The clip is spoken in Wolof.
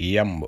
yamb